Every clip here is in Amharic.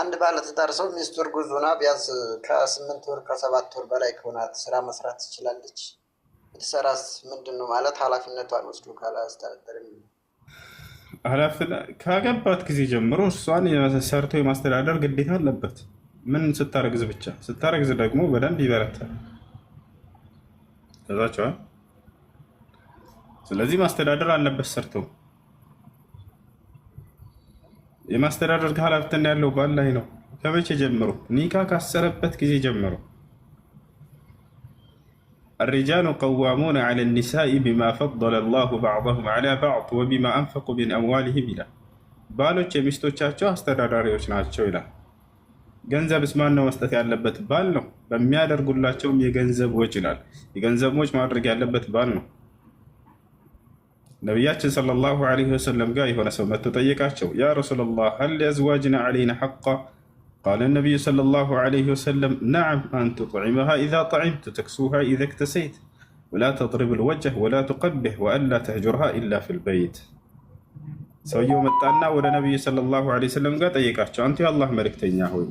አንድ ባለትዳር ሰው ሚስቱ እርጉዝ ሆና ቢያንስ ከስምንት ወር ከሰባት ወር በላይ ከሆናት ስራ መስራት ትችላለች። የተሰራስ ምንድን ነው ማለት ኃላፊነቷን ወስዶ ካላስተዳደር ካገባት ጊዜ ጀምሮ እሷን ሰርቶ የማስተዳደር ግዴታ አለበት። ምን ስታረግዝ ብቻ ስታረግዝ ደግሞ በደንብ ይበረታል። ከዛቸዋል። ስለዚህ ማስተዳደር አለበት ሰርተው የማስተዳደር ኃላፊነት ያለው ባል ላይ ነው። ከመቼ ጀምሮ? ኒካ ካሰረበት ጊዜ ጀምሮ። الرجال قوامون على النساء بما فضل الله بعضهم على بعض وبما أنفقوا من أموالهم ይላል። ባሎች የሚስቶቻቸው አስተዳዳሪዎች ናቸው ይላል። ገንዘብስ ማነው መስጠት ያለበት? ባል ነው። በሚያደርጉላቸውም የገንዘብ ወጭ ይላል። የገንዘብ ወጭ ማድረግ ያለበት ባል ነው። ነቢያችን ሰለላሁ ዐለይሂ ወሰለም ጋር የሆነ ሰው መጥቶ ጠየቃቸው። ያ ረሱለላህ ሀል ሊአዝዋጅና ዐለይና ሐቃ ቃለ ነቢዩ ሰለላሁ ዐለይሂ ወሰለም ነዓም አን ቱጥዕመሃ ኢዛ ጠዕምት ተክሱሃ ኢዛ እክተሰይት ወላ ተጥሪብ ልወጀህ ወላ ትቀብሕ ወአላ ተህጁርሃ ኢላ ፊል በይት። ሰውየው መጣና ወደ ነቢዩ ሰለላሁ ዐለይሂ ወሰለም ጋር ጠየቃቸው። አንቱ የአላህ መልእክተኛ ሆይ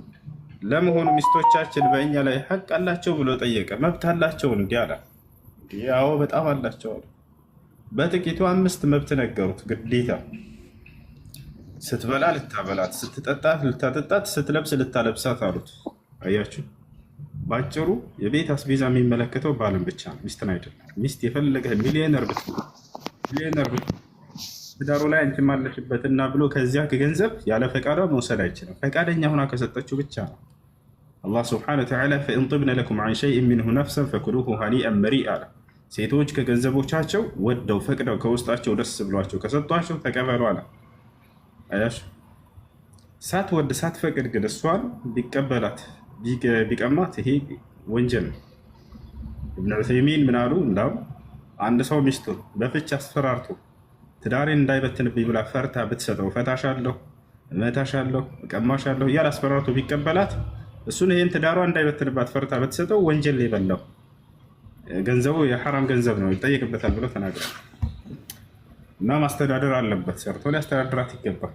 ለመሆኑ ሚስቶቻችን በእኛ ላይ ሐቅ አላቸው ብሎ ጠየቀ። መብት አላቸው? እንዲህ አላ። ያዎ በጣም አላቸው አሉ። በጥቂቱ አምስት መብት ነገሩት። ግዴታ ስትበላ ልታበላት፣ ስትጠጣት ልታጠጣት፣ ስትለብስ ልታለብሳት አሉት። አያችሁ፣ በአጭሩ የቤት አስቤዛ የሚመለከተው ባልን ብቻ ነው፣ ሚስትን አይደለም። ሚስት የፈለገ ሚሊዮነር ብት ሚሊዮነር ብት ትዳሩ ላይ አንቺ ብሎ ከዚያ ገንዘብ ያለ ፈቃዷ መውሰድ አይችልም። ፈቃደኛ ሁና ከሰጠችው ብቻ ነው። አላህ ስብሐነሁ ወተዓላ ፈኢን ለኩም አን ሸይኢን ሚንሁ ነፍሰን ፈኩሉሁ ሀኒአን መሪአ አለ። ሴቶች ከገንዘቦቻቸው ወደው ፈቅደው ከውስጣቸው ደስ ብሏቸው ከሰጧቸው ተቀበሉ አለ። አያሽ ሳትወድ ሳትፈቅድ ግን እሷን ቢቀበላት ቢቀማት ይሄ ወንጀል ነው። እብን ዑሰይሚን ምን አሉ? እንዳውም አንድ ሰው ሚስቱን በፍች አስፈራርቶ ትዳሬን እንዳይበትንብኝ ብላ ፈርታ ብትሰጠው ፈታሻለሁ፣ እመታሻለሁ፣ እቀማሻለሁ እያለ አስፈራርቶ ቢቀበላት እሱን ይህን ትዳሯ እንዳይበትንባት ፈርታ ብትሰጠው ወንጀል የበላው ገንዘቡ የሐራም ገንዘብ ነው ይጠየቅበታል ብሎ ተናግሯል። እና ማስተዳደር አለበት፣ ሰርቶ ሊያስተዳድራት ይገባል።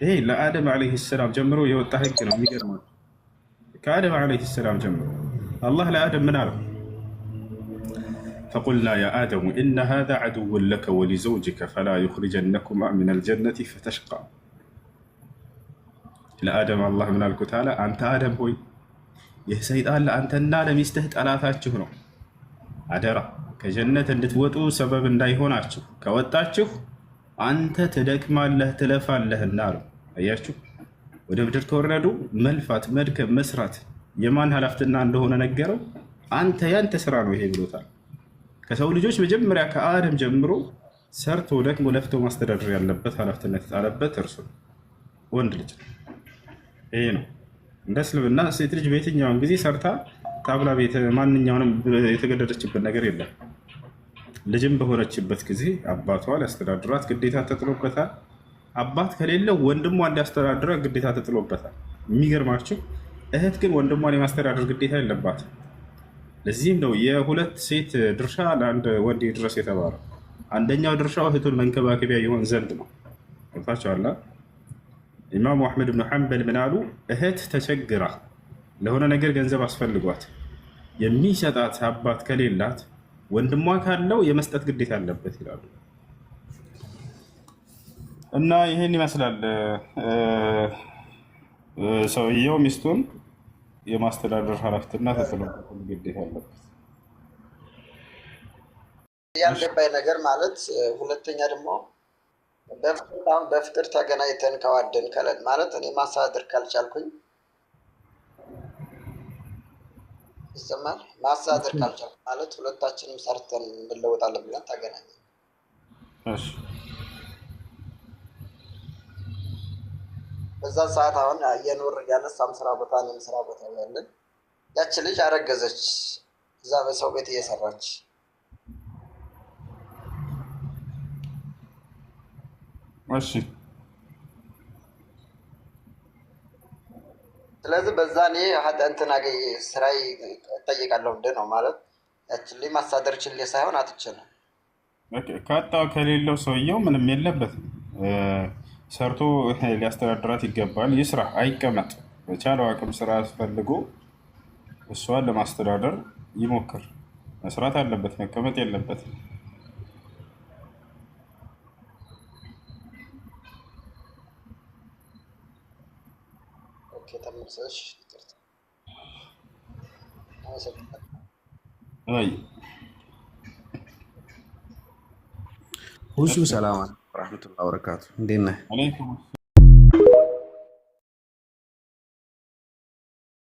ይሄ ለአደም ዓለይሂ ሰላም ጀምሮ የወጣ ህግ ነው። የሚገርመው ከአደም ዓለይሂ ሰላም ጀምሮ አላህ ለአደም ምን አለው? ፈቁልና ያ አደሙ ኢነ ሃዛ ዐድውን ለከ ወሊዘውጅከ ፈላ ዩኽሪጀነኩማ ሚነል ጀነቲ ፈተሽቃ። ለአደም አላህ ምን አልኩት አለ፣ አንተ አደም ሆይ ይህ ሰይጣን ለአንተና ለሚስትህ ጠላታችሁ ነው አደራ ከጀነት እንድትወጡ ሰበብ እንዳይሆናችሁ ከወጣችሁ አንተ ትደክማለህ ትለፋለህና አሉ። አያችሁ ወደ ምድር ከወረዱ መልፋት፣ መድከም፣ መስራት የማን ኃላፊነት እንደሆነ ነገረው። አንተ ያንተ ስራ ነው ይሄ ብሎታል። ከሰው ልጆች መጀመሪያ ከአደም ጀምሮ ሰርቶ ደክሞ ለፍቶ ማስተዳደር ያለበት ኃላፊነት የጣለበት እርሱ ወንድ ልጅ ይሄ ነው እንደ እስልምና ሴት ልጅ በየትኛውን ጊዜ ሰርታ ከአግላ ማንኛውንም የተገደደችበት ነገር የለም። ልጅም በሆነችበት ጊዜ አባቷ ሊያስተዳድራት ግዴታ ተጥሎበታል። አባት ከሌለ ወንድሟ እንዲያስተዳድረ ግዴታ ተጥሎበታል። የሚገርማችሁ እህት ግን ወንድሟን የማስተዳደር ግዴታ የለባት። ለዚህም ነው የሁለት ሴት ድርሻ ለአንድ ወንድ ድረስ የተባለ። አንደኛው ድርሻው እህቱን መንከባከቢያ ይሆን ዘንድ ነው። ታቸኋላ ኢማሙ አሕመድ ብን ሐንበል ምናሉ እህት ተቸግራ ለሆነ ነገር ገንዘብ አስፈልጓት የሚሰጣት አባት ከሌላት ወንድሟ ካለው የመስጠት ግዴታ አለበት ይላሉ። እና ይህን ይመስላል ሰውየው ሚስቱን የማስተዳደር ኃላፊትና ተጥሎ ግዴታ አለበት። ያልገባኝ ነገር ማለት ሁለተኛ ደግሞ በፍቅር ተገናኝተን ከዋደን ከለን ማለት እኔ ማስተዳደር ካልቻልኩኝ ይሰማል። ማስተዳደር ካልቻል ማለት ሁለታችንም ሰርተን እንለወጣለን ብለን ታገናኘ በዛ ሰዓት አሁን የኑር ያለ እሷም ስራ ቦታ እኔም ስራ ቦታ ያለን ያች ልጅ አረገዘች። እዛ በሰው ቤት እየሰራች እሺ ስለዚህ በዛ እኔ እንትን ስራ እጠይቃለሁ እንደ ነው ማለት ያችን ማሳደር ችሌ ሳይሆን አትች ነው ከጣ ከሌለው ሰውየው ምንም የለበትም። ሰርቶ ሊያስተዳድራት ይገባል። ይህ ስራ አይቀመጥ። በቻለው አቅም ስራ ፈልጎ እሷን ለማስተዳደር ይሞክር። መስራት አለበት፣ መቀመጥ የለበትም። ሁሱ ሰላም ረመቱላ በረካቱ እንዴት ነህ?